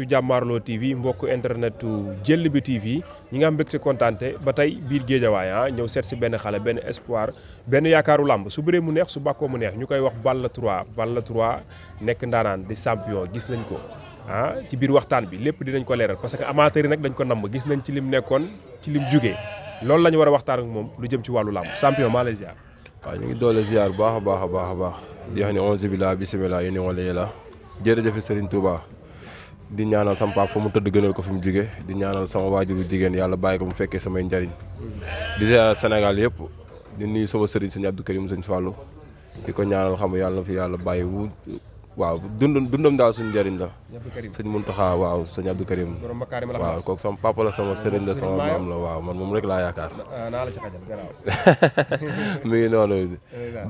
ñu jàmmaarloo TV mbokk internetu jëll bi TV ñi nga am ci kontaante ba tey biir géejawaay ah ñëw seet si benn xale benn espoir benn yaakaaru làmb su bëree mu neex su bàkkoo mu neex ñu koy wax Balla 3 Balla 3 nekk ndaanaan di champion gis nañ ko ah ci biir waxtaan bi lépp dinañ ko leeral parce que amateur yi nag dañ ko namm gis nañ ci lim nekkoon ci lim jugee lool la ñu war a waxtaan ak moom lu jëm ci wàllu làmb champion maa lay ziar. ñu ngi doole ziar baax a baax a baax a baax di wax ne onze bi laa bisimilah la jërëjëf Serigne di ñaanal sama papa fa mu tëdd gënal ko fi mu jóge di ñaanal sama waajur bu jigéen yàlla bàyyi ko mu fekkee samay njariñ di Sénégal yëpp di nuyu sama sëriñ sëñ Abdou mu sëñ Fallou di ko ñaanal xam yàlla na fi yàlla bàyyi wu waaw dund dundam daal suñu njëriñ la. sëñ Muntaxa waaw sëñ Abdou Karim. waaw kooku sama papa la sama ah, sëriñ la sama maam la waaw man moom rek laa yaakaar. Ah, naa la ci xajal gannaaw. mi ngi noonu. di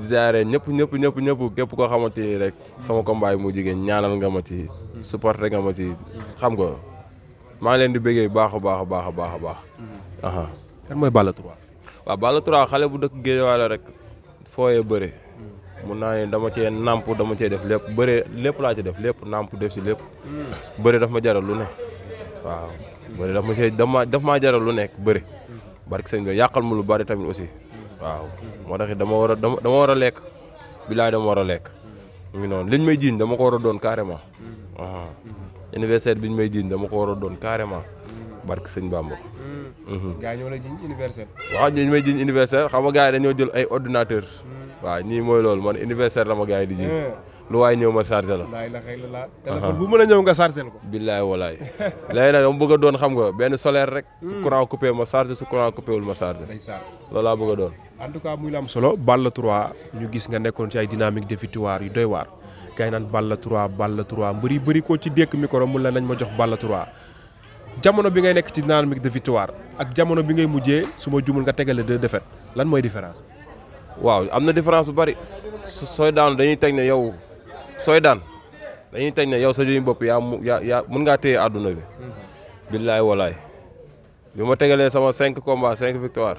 ziare ñëpp ñëpp ñëpp ñëpp képp koo xamante ni rek. sama combat yi mu jigéen ñaanal nga ma ci. supporter nga ma ci xam nga maa leen di bëggee baax a baax a baax a baax a baax. Mm-hmm. kan mooy Balla 3. waaw Balla 3 xale bu dëkk Guédiawaye la rek fooyee bëre. mun naa ne dama cee nàmp dama cee def lépp bëre lépp laa ci def lépp namp def si lépp bëre daf ma jaral lu ne waaw bëre daf ma see dama lu nekk bëre barke sëñ bi yàqal ma lu bari tamit aussi waaw moo tax dama war a dama war a lekk bilaay dama war a lekk mu ngi noonu liñ may jiiñ dama ko war a doon carrément anniversaire biñ may jiiñ dama ko war a doon carrément barke sëñ Bamba. Mm. Mm-hmm. gars ñoo la jiñ universel. waaw ñi may jiñ universel xam nga gars yi dañoo jël ay ordinateur mm. waaw ñii mooy loolu man universel la ma gars yi di jiñ eh. lu waaye ñëw ma chargé la. laay la xëy la téléphone bu mën a ñëw nga chargé ko. billaay walaay léegi nag dama bëgg a doon xam nga benn solaire rek. su mm. courant coupé ma chargé su courant coupé wul ma chargé. loolu laa bëgg a doon. en tout cas muy la am solo Balla 3 ñu gis nga nekkoon ci ay dynamique de victoire yu doy waar. kay naan Balla 3 Balla 3 mbëri bëri koo ci dékk micro mun la nañ ma jox Balla 3 jamono bi ngay nekk ci dynamique de victoire ak jamono bi ngay mujjee su ma jumul nga tegale deux défaites lan mooy différence waaw am na différence bu bari sooy daanu dañuy teg ne yow sooy daan dañuy teg ne yow sa bopp yaa mu yaa yaa mën ngaa téye àdduna bi mhm. billaay walaay bi ma tegalee sama cinq combats cinq victoire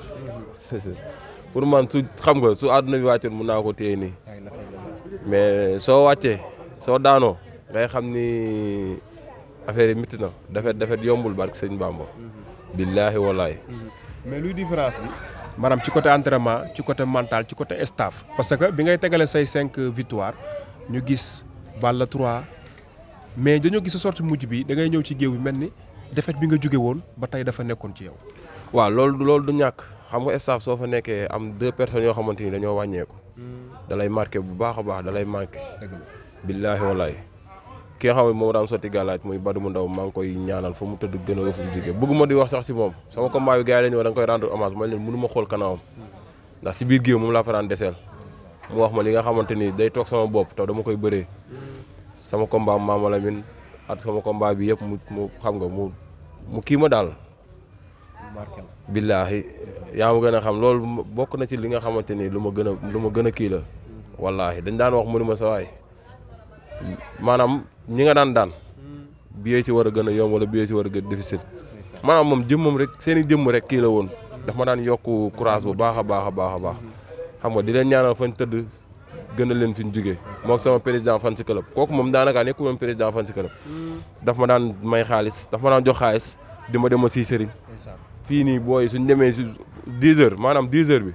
mhm. pour man su xam nga su àdduna bi wàccoon mën naa ko téye nii mais soo wàccee soo daanoo ngay xam ni affaire yi métti na defet defet yombul barke sëñ Bamba. billaahi walaay. mais luy différence bi. maanaam ci côté entraînement ci côté mental ci côté staff. parce que bi ngay tegale say cinq victoire ñu gis Balla 3 mais dañoo gis sa sortie mujj bi da ngay ñëw ci géew bi mel ni défaite bi nga jóge woon ba tey dafa nekkoon ci yow. waaw loolu loolu du ñàkk xam nga staff soo fa nekkee am deux personnes yoo xamante ni dañoo wàññeeku. Mm. dalay lay bu baax a baax da lay marqué. dëgg la billaahi ki nga xam ne daan sotti gàllaaj muy Badou mu ndaw maa ngi koy ñaanal fa mu tëdd a rëfu mu jógee bëgguma di wax sax si moom sama combat bi gars yi la ñu ndax si biir moom laa fa daan deseel wax ma li nga xamante ni day toog sama bopp te dama koy bëree sama combat Mama Lamine at sama combat bi yëpp mu mu xam nga mu mu kii ma daal billaahi yaa ma gën a xam loolu bokk na ci li nga xamante ni lu ma gën a lu ma gën a kii la wallaahi dañ daan wax mënuma sa waay maanaam ñi nga daan daan biyee ci war a gën a yomb wala biyee ci war a gën a difficile maanaam moom jëmmam rek seen jëmm rek kii la woon daf ma daan yokk courage bu baax a baax a baax a baax xam nga di leen ñaanal fañ tëdd gën a leen fi ñu jugee mook sama président fan si club kooku moom daanaka nekkul woon président fan si club daf ma daan may xaalis dafa ma daan jox xaalis di ma dem demal si sëriñ fii nii booy suñ demee si 10 heures maanaam 10 heures bi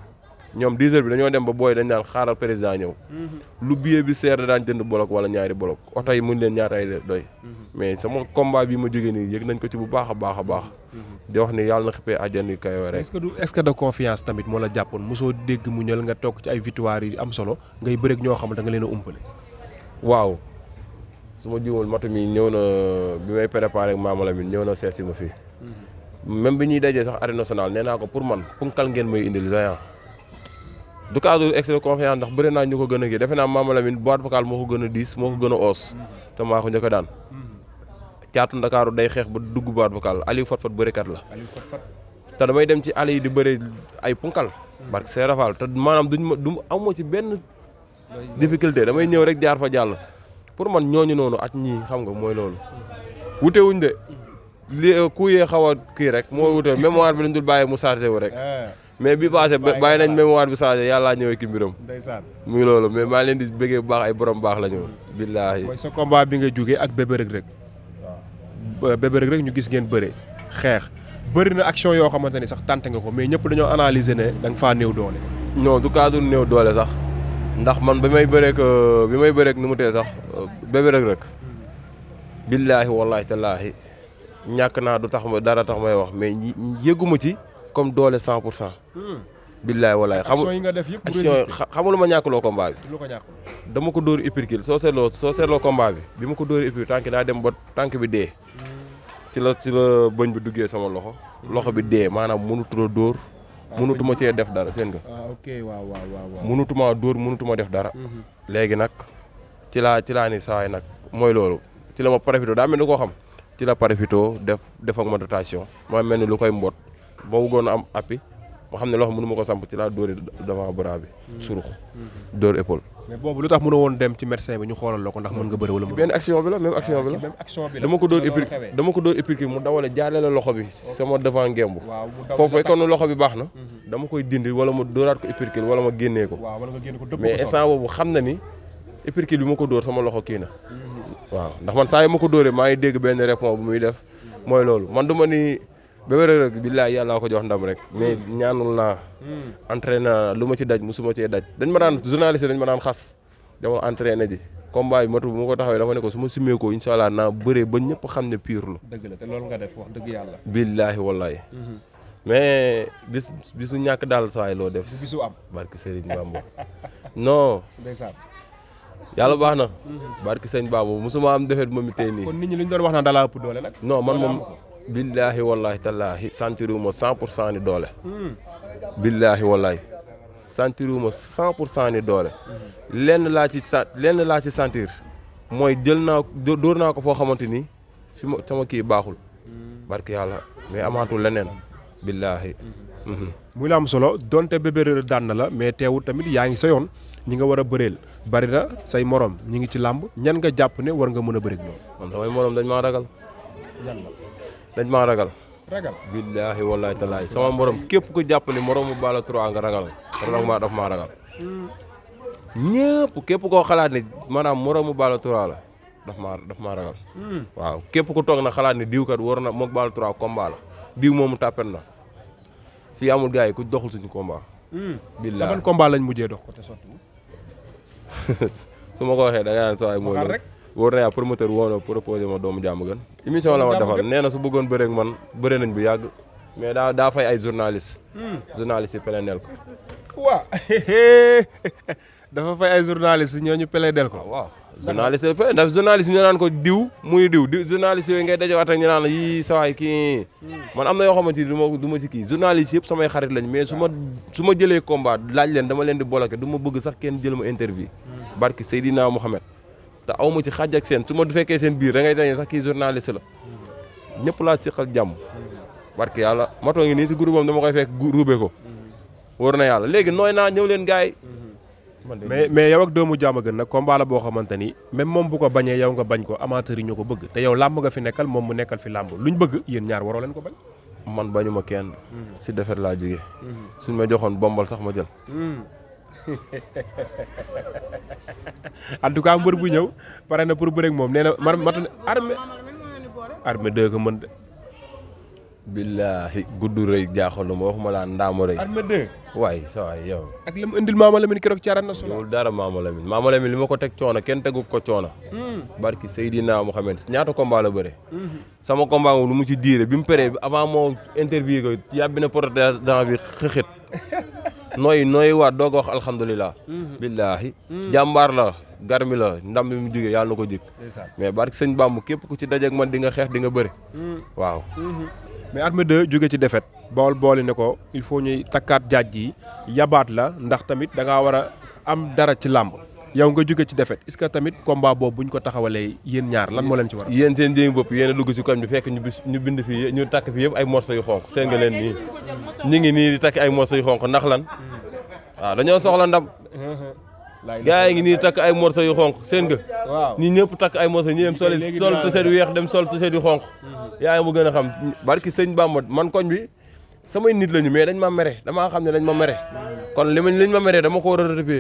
ñoom 10 heures bi dañoo dem ba booy dañ daan xaaral président ñëw mhm. lu billet bi seer da daan jënd bolok wala ñaari bolok oto yi mun leen ñaataay doy mhm. mais sama combat bi ma jógee nii yëg nañ ko ci bu baax a baax a baax mhm. di wax ni yàlla na xippee àjjan yi kayoo rek est-ce que du est-ce que de confiance tamit moo la nga toog ci ay victoire yi am solo ngay bëreeg ñoo xam da nga leen a umpale waaw su ma jiwul matu mi ñëw na bi may préparé ak Maama ñëw na seet si ma fii même bi ñuy dajee sax arène nationale nee naa ko pour man punkal ngeen may indil Géant du cadre excès de confiance ndax bëri naa ñu ko gën a kii defe naa Mama Lamine boîte vocale moo ko gën a diis moo ko gën a oos te maa ko njëkk a daan caatu ndakaaru day xeex ba dugg boîte vocale Aliou Fat la te damay dem ci àll yi di bëri ay punkal parce que te maanaam duñ ma du amoo ci benn difficulté damay ñëw rek jaar fa jàll pour man ñooñu noonu at ñii xam nga mooy loolu wute wuñ de li ku yee xaw a kii rek moo wute mémoire bi lañ dul bàyyi mu chargé wu rek eh. mais bi passé bàyyi nañ mémoire bi changé yàllaa ñëwee ki mbiram ndeysaan muy loolu mais maa leen di bëggee baax ay borom baax la ñëw billaahi mooy sa combat bi nga jógee ak bébé rek rek waaw euh, rek ñu gis ngeen bëre xeex bëri na action yoo xamante ni sax tànte nga ko mais ñëpp dañoo analyser ne danga faa néew doole ñoo du cas du néew doole sax ndax man bi may bëreek euh, bi may bëreek nu mu tee sax euh, bébé rek rek billaahi wallaahi tallaahi ñàkk naa du tax dara tax may wax mais yëguma ci comme doole 100 pour cent. Hmm. billaay walaay action yi nga def yëpp xamul ma ñàkkuloo combat bi. lu ko ñàkkul dama ko dóor uppercut soo seetloo soo seetloo combat bi bi ma ko dóor uppercut tànk daa dem ba tànk bi dee. ci la ci la bëñ bi duggee sama loxo. loxo bi dee maanaam mënutula dóor. Ah, mënutuma cee def dara seen nga. ah ok waaw waaw waaw. mënutuma mënutuma def dara. Mhm. léegi nag ci laa ci laa ni sawaay nag mooy loolu ci la ma profité daa mel ni koo xam ci la profité def def ak ma dotation moo mel ni lu koy mbot. ba bëggoon a am appui ma xam ne loxo mënu ma ko samp ci laa dóori devant bras hmm. surux hmm. dóor épaule. mais boobu lu tax mënoo woon dem ci mercen bi ñu xoolal la ko ndax mën nga bëri wala. benn action bi la même action bi la ah, dama ko dóor épique dama ko dóor épique mu bi baax na. Hmm. dama koy dindi wala ma dóoraat ko épique wala ma génnee ko. wala nga génne ko dëpp mais instant boobu xam na ni épique bi ma ko dóor sama loxo kii na. waaw ndax man saa yu ma ko dóoree maa ngi dégg benn répond bu muy def mooy loolu man duma ni ba rek rek billaay ko jox ndam rek mais ñaanul naa. entraîné naa lu ma ci daj musuma cee daj dañ ma daan journaliste dañ ma daan xas dama entraîné ji. combat yi matu bu ma ko taxawee dafa ne ko su ma simmee ko incha allah naa bëree ba ñëpp xam ne pire la. dëgg la te nga def wax dëgg yàlla. billaahi wallaahi. Mhm. mais bis bisu ñàkk daal saa yi loo def. bisu am barke Serigne Bamba. non. ndeysaan. yàlla baax na. Mhm. barke Serigne Bamba musuma am defet ma mi tey nii. wax naan dalaa ëpp doole nag. non billaahi wallaahi tallaahi santiriwuma cent pour cent ni doole billaahi wallaahi santiriwuma cent pour cent doole lenn laa ci sa lenn laa ci sentir mooy jël naa dóor naa ko foo xamante ni fi ma sama kii baaxul barke yàlla mais amaatul leneen billaahi mhm. muy la am solo donte Bébé Reug daan na la mais teewul tamit yaa ngi sa yoon ñi nga war a bëreel bari na say morom ñi ngi ci làmb ñan nga jàpp ne war nga mën a bëreeg ñoom. man samay morom dañ maa ragal. dañ maa ragal. ragal billaahi wallaahi tallaahi sama morom képp ku jàpp ne mu bala 3 nga ragal ragal maa daf maa ragal. ñëpp képp koo xalaat ne maanaam moromu mu 3 la daf maa daf maa ragal. Hmm. waaw képp ku toog na xalaat ni diw kat war na moog Balla kombala combat la diw moomu tàppen na fii amul gars yi ku doxul suñu combat. Hmm. billaahi sa ban combat lañ mujjee dox su ma ko waxee da nga naan sa waay mooy loolu wóor na yaa promoteur woo na proposé ma doomu jàmm gën émission la ma defal nee na su bëggoon bëreeg man bëre bu yàgg mais daa daa fay ay journaliste hmm. journaliste yi ko waaw dafa fay ay journaliste ñooñu peleneel ko ah, waaw journaliste yi ndax journaliste ñu naan ko diw muy diw diw journaliste yooyu ngay dajewaat ak ñu naan yii sawaay kii hmm. man am na yoo xamante ni du ma du ma ci kii journaliste yëpp samay xarit lañ mais su ma su ma jëlee combat laaj leen dama leen di bloqué du ma bëgg sax kenn jël ma interview hmm. barki Seydina Mohamed te aw ma ci xàjj ak seen su ma du fekkee seen biir da ngay dañee sax kii journaliste la ñëpp laa siqal jàmm barke yàlla matoo ngi nii si groupe am dama koy fekk ruube ko wóor na yàlla léegi nooy naa ñëw leen gars yi mais mais yow ak doomu jaama gën nag combat la boo xamante ni même moom bu ko bañee yow nga bañ ko amateur yi ñu ko bëgg te yow làmb nga fi nekkal moom mu nekkal fi làmb luñ bëgg yéen ñaar waroo leen ko bañ man bañu ma kenn si mm-hmm. defet laa jógee mm-hmm. suñ ma joxoon bombal sax ma jël mm-hmm. en tout cas mbër bu ñëw pare na pour bëre ak moom nee mat na armée mën de. billaahi gudd rëy jaaxalu ma waxuma laa ndaama rëy. armée deux la mu indil Maama Lamine keroog caaran na solo. loolu dara Maama Lamine Maama Lamine li ma ko teg coono kenn tegu ko coono. Hmm. barki Seydina Mohamed ñaata combat la bëre. Hmm. sama combat moom mu ci diire bi mu paree moo interview ko yàbbi na protestant bi xëxët. nooy nooy waa doo ko wax mhm. billaahi. Mhm. jàmbaar la garmi la ndam bi mu jógee yàlla na ko jik mais barke sëñ Bàmb képp ku ci dajeeg man di nga xeex di nga bëri. Mhm. waaw. mais Armé 2 jóge ci defet bool booli ne ko il faut ñuy takkaat jaaj yi yabaat la ndax tamit da ngaa war a am dara ci làmb. yow nga juge ci défaite est-ce que tamit combat boobu bu ñu ko taxawalee yéen ñaar lan moo leen ci war yéen seen jéem bopp yéen a dugg si koñ bi fekk ñu bis ñu bind fii ñu takk fii yëpp ay morceaux yu xonk seen nga leen nii ñu ngi nii takk ay morceaux yu xonk ndax lan waaw dañoo soxla ndam gaa yi ngi nii takk ay morceaux yu xonk seen nga waaw ñi ñëpp takk ay morceaux ñi dem sol sol t seet yu weex dem sol t yu xonk mhm. yaa ngi mu gën a xam barki sëñ Bamba man koñ bi samay nit lañu mais dañ ma mere damaa xam ne dañ ma mere kon li ma liñ ma meree dama ko war a ratifié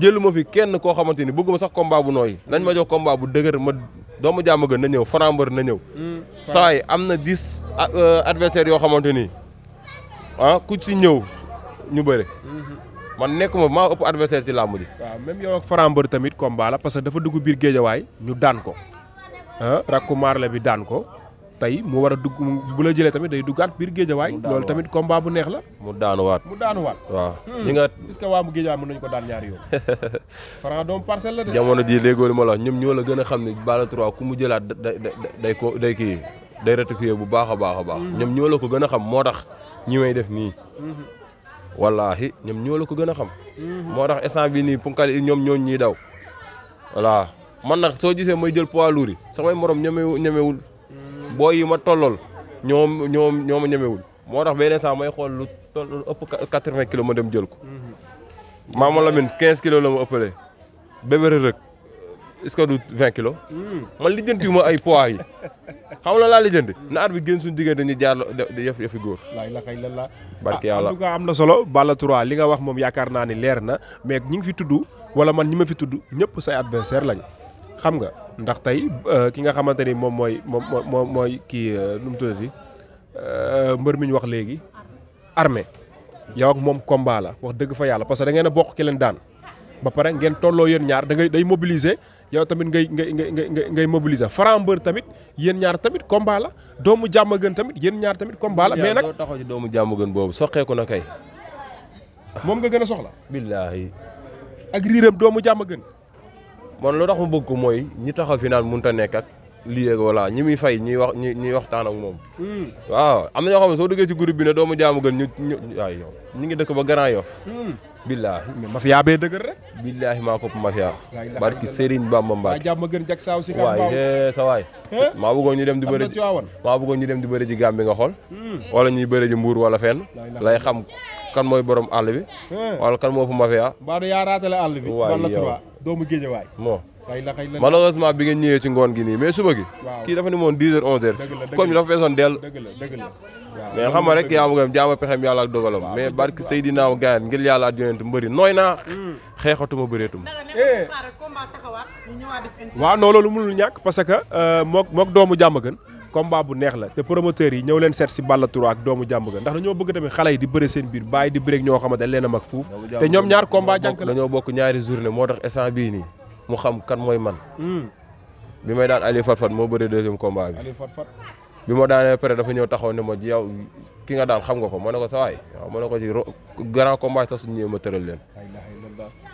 jëluma fi kenn koo xamante ni bëgguma sax combat bu nooy nañ ma jox combat bu dëgër ma doomu jàmm gën na ñëw Franc na ñëw. Hmm, saa yi am na dix euh, adversaires yoo xamante ni ah ku ci ñëw ñu bëre. Hmm. man nekkuma maa ëpp adversaire ci làmb ji. waaw même yow ak Franc tamit combat la parce que dafa dugg biir géejawaay ñu daan ko ah rakku la bi daan ko. tey mu war a dugg bu la jëlee tamit day duggaat biir géejawaay loolu tamit combat bu neex la mu daanuwaat mu daanuwaat waaw ñi hmm. nga est-ce que mu géejawaay mën nañu ko daan ñaari yoon Franc doom parcelle la jamono ji léegoo li ma la wax ñoom ñoo la gën a xam ne Balla 3 ku mu jëlaat day day ko day kii day ratifié bu baax a baax a baax hmm. ñoom ñoo la ko gën a xam moo tax ñi may def nii hmm. wallaahi ñoom ñoo la ko gën a xam moo tax instant bi nii punkal yi ñoom ñooñ ñuy daw voilà man nag soo gisee may jël boo yi ma tollool ñoom ñoom ñoom ñemewul moo tax beneen saa may xool lu toll lu ëpp quatre-vingts kilos ma dem jël ko. Mm-hmm. Maama Lamine quinze kilos la ma ëppalee rek est que du vingt kilos. Mm. man lijjanti mu ay poids yi xam la laa lijjanti. naat bi gën suñu diggante dañuy jaar di yëf yëfi góor. waay la xëy la barke ah, yàlla en am na solo Balla 3 li nga wax moom yaakaar naa ni leer na mais ñi ngi fi tudd wala man ñi ma fi tudd ñëpp say adversaire lañ xam nga. ndax tey euh, ki nga xamante ni moom mooy moom moom mooy kii euh, nu mu tuddati euh, mbër mi ñu wax léegi armée yow moom combat la wax dëgg fa yàlla parce que da ngeen bokk ki leen daan ba pare tolloo yéen ñaar da ngay day mobiliser yow tamit ngay ngay ngay ngay ngay mobiliser Franc Mbeur tamit yéen ñaar tamit combat la doomu jàmm gën tamit yéen ñaar tamit combat la. mais nag doo doomu jàmm gën boobu soqeeku na kay. moom nga gën a soxla. billaahi. ak riiram doomu jàmm gën. man loo tax mu bëgg ko mooy ñi taxaw fi naan mënut a nekk ak lii ak ñi muy fay ñuy wax ñuy waxtaan ak moom. Hmm. waaw am na ñoo soo duggee ci groupe bi ne doomu jaamu gën ñu ñu ñu ngi dëkk ba Grand Yoff. Hmm. billaahi mais mafia bee dëgër rek. billaahi maa kopp mafia. barki Serigne Bamba Mbacke. jàmm gën jag saaw si kan waay eh, sa waay. maa bëggoon ñu dem di bëri ji maa bëggoon ñu dem di bëri ji Gàmbi nga xool. Hmm. wala ñuy bëri ji Mbuur wala fen lay xam kan mooy borom àll bi. wala kan moo fa mafia. Badou yaa raatale àll bi. wala trois doomu géejawaay bon malheureusement bi ngeen ñëwee ci ngoon gi nii mais suba gi kii dafa ne moon dix heures onze heures comme ñu dafa feesoon dell mais xam nga rek yaa ma jaama pexem yàlla ak dogalam mais barke Seydina wa gaayat ngir yàlla ak yonent nooy naa hmm. xeexatuma bëreetuma eh. waaw non loolu mënul ñàkk parce que euh, mook mook doomu jàmm gën combat bu neex la te promoteurs yi ñëw leen seet si Balla 3 ak doomu jàmm ga ndax dañoo bëgg tamit xale yi di bëre seen biir di bëreeg ñoo a mag xam kan mooy man hmm. bi may daan Aliou Fatfat moo bëre deuxième combat bi Aliou Fatfat bi ma daanee pare dafa ñëw taxaw ne ma yow ki nga daan xam nga ko ma ne ko sa waay waaw ma ne ko si grand combat sax suñu ñëwee ma tëral leen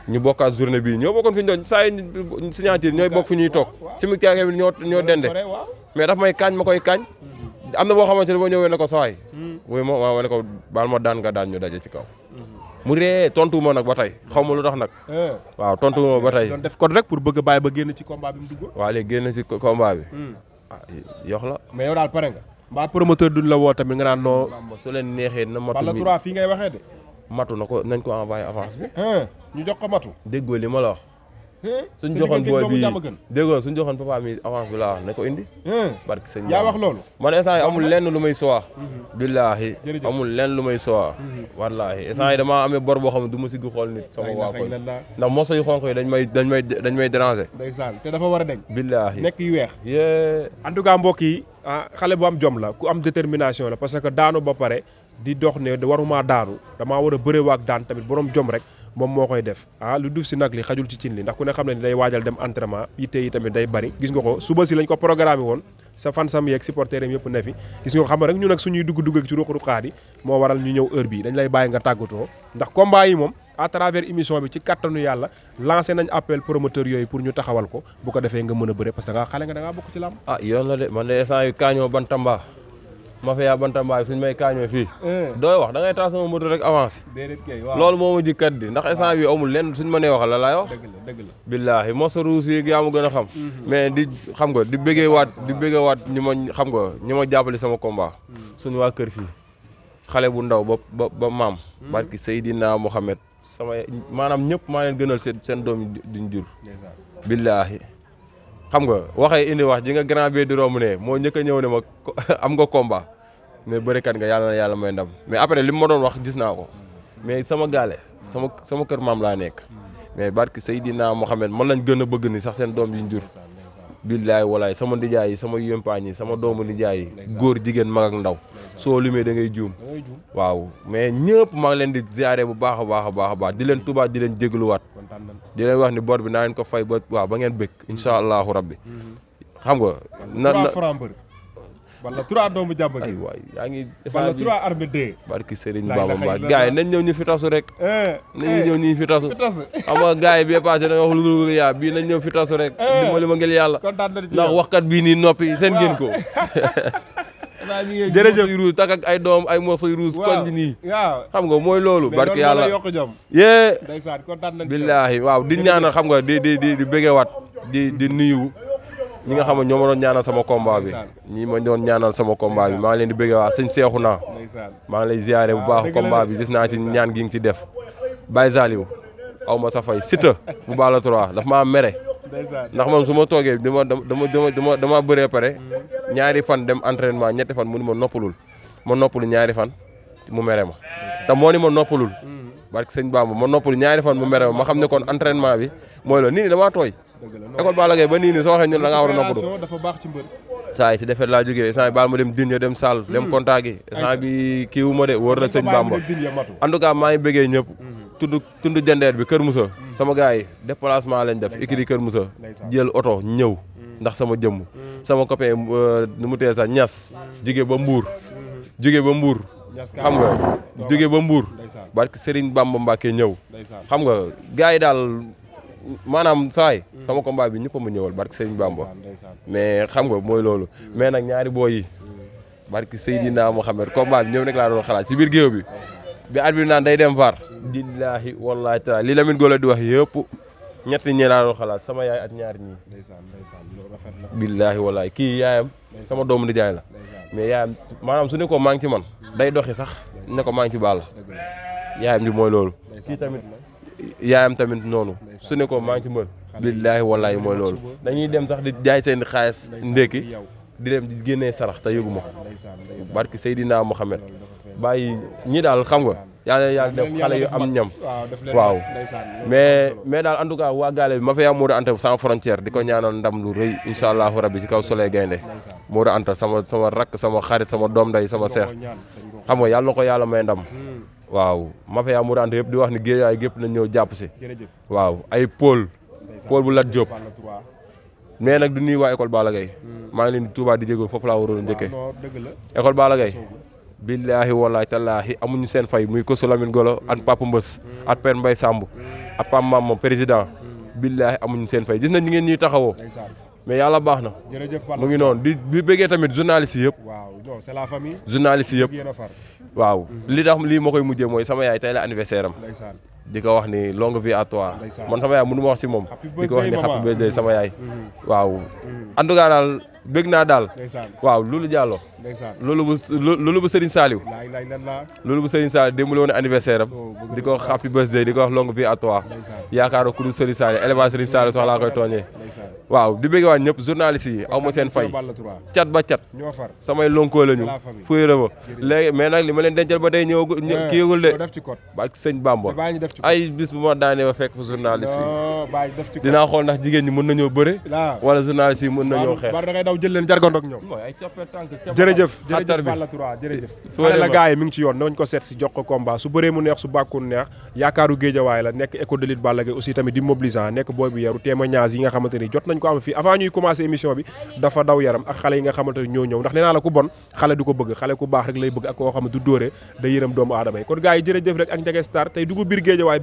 ñu bokkaat journée bii ñoo bokkoon fi ñu doon saa yi signature ñooy bokk fi ñuy toog simictaake bi ñoo ñoo dende mais daf may kaañ ma koy kaañ mm-hmm. am na boo xamante ne boo ñëwee ne ko sawaay mm-hmm. wuy ma waaw ne ko baal ma daan ga daan ñu daje ci kaw mm-hmm. mu ree tontu ma nag ba tay xaw ma lu tax nag eh. waaw tontu ma ba tey doon def code rek pour bëgg a bàyyi ba génn ci combat bi mu dugg waaw léegi génn ci combat mm. ah, la mais yow daal pare nga mbaa promoteur duñ la woo tamit nga naan noo su leen neexee na matu bala trois fii ngay waxee de matu na ko nañ ko envoyé avance bi eh, ñu jox ko matu déggoo li ma la wax suñ joxoon booy bi déggoo suñ joxoon papa mi avance bi laa wax na ko indi barke sëñ yaa wax loolu man instant mm-hmm. amul lenn lu may sowa billaahi amul mm-hmm. lenn lu may sowa wallaahi instant yi damaa amee bor boo xam ne du ma si gi xool nit sama waa koñ ndax moso yu yi dañ may dañ may dañ may déranger ndeysaan te dafa war a deñ billaahi nekk yi weex yée en tout cas mbokk yi ah xale boo am jom la ku am détermination la parce que daanu ba pare di dox ne warumaa daanu damaa war a bëre waak daan tamit borom jom rek moom moo koy def ah lu duuf si nag li xajul ci cin li ndax ku ne xam ne ni day waajal dem entraînement yitte yi tamit day bari gis nga ko suba si lañ ko programme woon sa fansam sam supporter am yëpp ne fi gis nga ko xam rek ñu nag suñuy dugg dugg ci ruq-ruqaat yi moo waral ñu ñëw heure bi dañ lay bàyyi nga tàggatoo ndax combat yi moom à travers émission bi ci kattanu yàlla lancé nañ appel promoteur yooyu pour ñu taxawal ko bu ko defee nga mën a bëre parce que da ngaa xale nga da ngaa bokk ah tamba mafia bantambaay suñ may kaañoo fii eh. dooy wax da ngay taal sama moto rek avancé loolu moo ma jikkat di ndax instant bi amul lenn suñ ma nee wax a laay wax billaahi mosa ruus yeeg yaa ma gën a xam mm-hmm. mais di xam nga di bëggee waat di bëggee waat ñi ma xam nga ñi ma jàppale sama combat mm. suñ waa kër fii xale bu ndaw ba ba ba maam mm. barki Seydina Mohamed sama maanaam ñëpp maa leen gënal seen seen doom yi duñ jur billaahi xam nga waxee indi wax ji nga grand bi di ne moo njëkk a ñëw ne ma am nga combat mais bërikat nga yàlla na yàlla may ndam mais après li mu ma doon wax gis naa ko mais sama gaale sama sama kër maam laa nekk mais barki Seydina Mohamed man lañ gën a bëgg ni sax seen doom yi ñu jur billaay walaay sama nijaay yi sama yëmpaañ sama doomu nijaay yi góor jigéen mag ak ndaw soo limee da ngay juum waaw mais ñëpp maa ngi leen di ziare bu baax a baax a baax a baax di leen tubaab di leen jégluwaat di leen wax ni bor bi naa leen ko fay ba waa ba ngeen bëgg incha allahu rabbi mhm. xam nga na wala trois doomu jàmba ay waay yaa ngi wala trois armé deux Baba Mbacke gars yi nañ ñëw ñu fi tasu rek eh, nañu ñëw eh, ñu fi tasu xam nga gars yi bee passé dañoo wax lulul yaa bii nañ ñëw fi tasu rek eh, dimbali ma ngel yàlla ndax waxkat bii nii noppi seen ngeen ko jërëjëf ruus ay doom ay morso ruus koñ bi nii waaw xam nga mooy loolu barki yàlla yokk jom yée billaahi waaw di ñaanal xam nga di di di di bëggewaat di di nuyu ñi nga xam ne ñoo ma doon ñaanal sama combat bi ñi ma ñaanal sama combat bi maa ngi leen di bëgg waa sëñ seexu naa maa ngi lay ziare bu baax kom bi gis naa si ñaan gi nga ci def Baye Saliou aw ma sa fay Siteu bu Balla 3 daf maa mere ndax man su ma toogee dama dama dama dama bëree pare mm-hmm. ñaari fan dem entraînement ñette fan mu ma noppalul ma noppalu ñaari fan mu mere ma te moo ni ma noppalul mm-hmm. barke sëñ Bamba ma noppalu ñaari fan mu mere ma ma xam ne kon entraînement bi mooy la nii damaa tooy école Balla Gaye ba nii nii soo waxee ñun da ngaa war a noppalu dafa baax ci mbër si defet laa jógee instant bi baal ma dem din ya dem sall dem contact hmm. yi bi kii de wóor na sëñ Bamba en tout cas maa ngi ñëpp hmm. tund jandeer bi Kër Moussa hmm. sama gars yi déplacement lañ def ikiri Kër Moussa jël oto ñëw ndax sama jëmm sama copain euh, nu mu tee sax ñas jóge ba mbuur jóge ba mbuur xam nga jóge ba mbuur barke Serigne Bamba Mbacke ñëw xam nga gars yi daal maanaam saay sama combat bi ñëpp a ma ñëwal barki sëñ Bamba mais xam nga mooy loolu mais nag ñaari booy yi barki Seydina Mohamed combat bi ñoom rek laa doon xalaat ci biir géew bi bi at bi naan day dem var billaahi wallaahi taala li Lamine Golo di wax yëpp ñett ñi laa doon xalaat sama yaay ak ñaar ñii billaahi wallaahi kii yaayam sama doomu nijaay la mais yaayam maanaam su ne ko maa ngi ci man day doxi sax ne ko maa ngi ci baal yaayam ji mooy loolu yaayam tamit noonu su ne ko maa ngi ci mbër billaahi wallaahi mooy loolu dañuy dem sax di jaay seen xaalis ndékki di dem di génnee sarax te yëgu ma ko barki Seydina Mohamed bàyyi ñi daal xam nga yàlla yàlla def xale yu am ñam waaw mais mais daal en tout cas waa gaale bi ma fa yaa Modou Anta sans frontière di ko mm. ñaanal ndam lu rëy incha allahu rabbi ci kaw soleil gaynde Modou Anta sama sama rakk sama xarit sama doom day sama seex xam nga yàlla ko yàlla may ndam mm. waaw mu Mourante yëpp di wax ni géejaay gépp nañ ñëw jàpp si waaw ay Paul Paul bu Lat Diop mais nag du nuyu waa école Balla Gaye hmm. maa ngi leen di di jégalu foofu laa waroon njëkkee école Balla Gaye billaahi wallaahi tallaahi amuñu seen fay muy Koso Lamine Golo hmm. at Papa Mbës hmm. at Père Mbaye Samb at Pam Mamma président billaahi amuñ seen fay gis nañ ñi ngeen ñuy taxawoo mais yàlla baax na. mu ngi noonu di di tamit journaliste yëpp. waaw non waaw. Mhm. li tax lii ma koy mujjee mooy sama yaay tey la anniversaire am. di ko wax ni longue vie à toi. man sama yaay mënu ma wax si moom. di wax ni happy birthday sama yaay. Mhm. waaw mhm. en bëgg naa daal. waaw loolu Diallo. loolu bu loolu bu Serigne Saliou. loolu bu Serigne Saliou démb la woon anniversaire am. Oh, di ko wax happy birthday di ko wax longue vie à toi. yaakaar ku dul Serigne Saliou élevage Serigne waaw di bëgg waat ñëpp aw ma seen fay. cat ba cat. samay lonkoo lañu. fuy rëba léegi mais nag li leen dencal ba day kii yëgul de. ak sëñ Bamba. ay bis bu ma daanee ba fekk journaliste yi. dinaa xool ndax jigéen ñi mën nañoo bëre. Ah. wala journaliste jël leen jargandoo ak ñoom. jërëjëf jërëjëf Balla Toura jërëjëf. xale la gars yi mi ngi ci yoon nañ ko seet si jox ko combat su bëree mu neex su bàkku neex yaakaaru géejawaay la nekk école de lutte Balla Gaye aussi tamit di mobilisant nekk booy bu yaru témoignage yi nga xamante ni jot nañ ko am fii avant ñuy commencer émission bi dafa daw yaram ak xale yi nga xamante ñoo ñëw ndax nee la ku bon xale du ko bëgg xale ku baax rek lay bëgg ak koo xam ne du dóore day yërëm doomu aadama yi kon gars yi jërëjëf rek ak Ndiaga Star tey dugg biir géejawaay